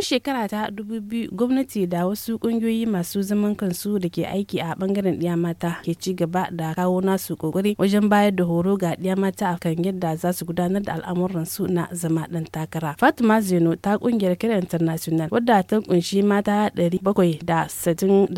tun shekara ta biyu gwamnati da wasu kungiyoyi masu zaman kansu da ke aiki a bangaren ɗiya mata ke ci gaba da kawo nasu kokari wajen bayar da horo ga ɗiya mata a kan yadda za su gudanar da al'amuransu na zama ɗan takara fatima zeno ta kungiyar kira international wadda ta kunshi mata bakwai da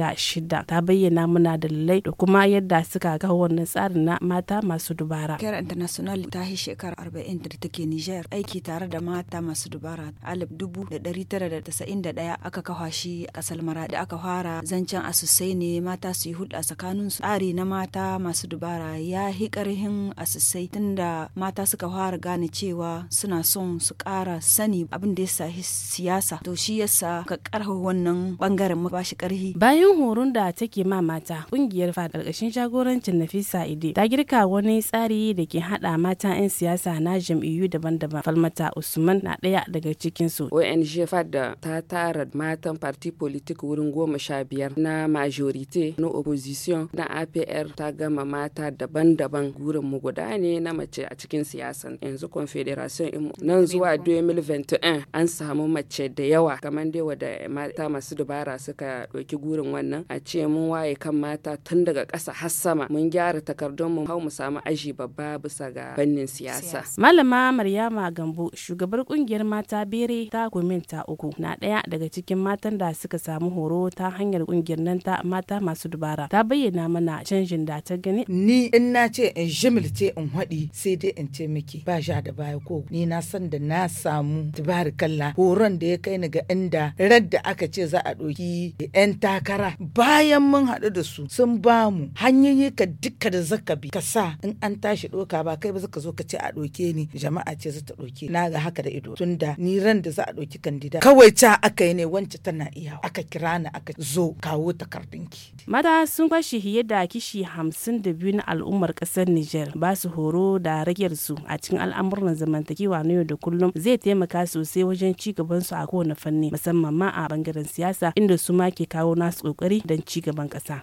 da shida ta bayyana muna dalilai da kuma yadda suka ga wannan tsarin na mata masu dubara kira international ta yi shekara arba'in da take niger aiki tare da mata masu dubara alif dubu da tara 1991 aka kafa shi salmara da aka fara zancen asusai ne mata su yi hulɗa tsakanin su tsari na mata masu dubara ya hi ƙarhin asusai tunda mata suka fara gane cewa suna son su ƙara sani abin da ya sahi siyasa to shi yasa ka ƙarfa wannan bangaren ma bashi ƙarhi bayan horon da take ma mata kungiyar fa ƙarƙashin jagorancin Nafisa Ide ta girka wani tsari da ke haɗa mata 'yan siyasa na jam'iyyu daban-daban falmata Usman na ɗaya daga cikin su ONG FAD da ta tara matan parti politik wurin goma sha biyar na majorite na opposition na apr ta gama mata daban-daban gurin mu guda ne na mace a cikin siyasan yanzu confederation imu nan zuwa 2021 an samu mace da yawa kamar dai wada mata masu dubara suka ɗauki gurin wannan a ce mun waye kan mata tun daga ƙasa har sama mun gyara takardun mu hau mu samu aji babba bisa ga fannin siyasa malama maryama gambo shugabar kungiyar mata bere ta gominta uku na ɗaya daga cikin matan da suka samu horo ta hanyar ƙungiyar nan ta mata masu dubara. Ta bayyana mana canjin da ta gani. Ni in na ce in jimilce in haɗi sai dai in ce miki ba sha da baya ko ni na san da na samu kalla horon da ya kai ni ga inda da aka ce za a ɗoki 'yan takara bayan mun haɗu da su sun ba mu hanyoyi ka duka da zaka bi ka sa in an tashi ɗoka ba kai ba zaka zo ka ce a ɗoke ni jama'a ce za ta ɗoke na ga haka da ido tunda ni ran da za a ɗoki kandida kawai kawai ca aka yi ne wance tana iya aka kira ni aka zo kawo takardunki. Mata sun kwashe fiye da kishi hamsin da biyu na al'ummar kasar niger ba su horo da ragiyar su a cikin al'amuran zamantakewa na yau da kullum zai taimaka sosai wajen ci gaban su a kowane fanni musamman ma a bangaren siyasa inda su ma ke kawo nasu kokari don ci gaban ƙasa.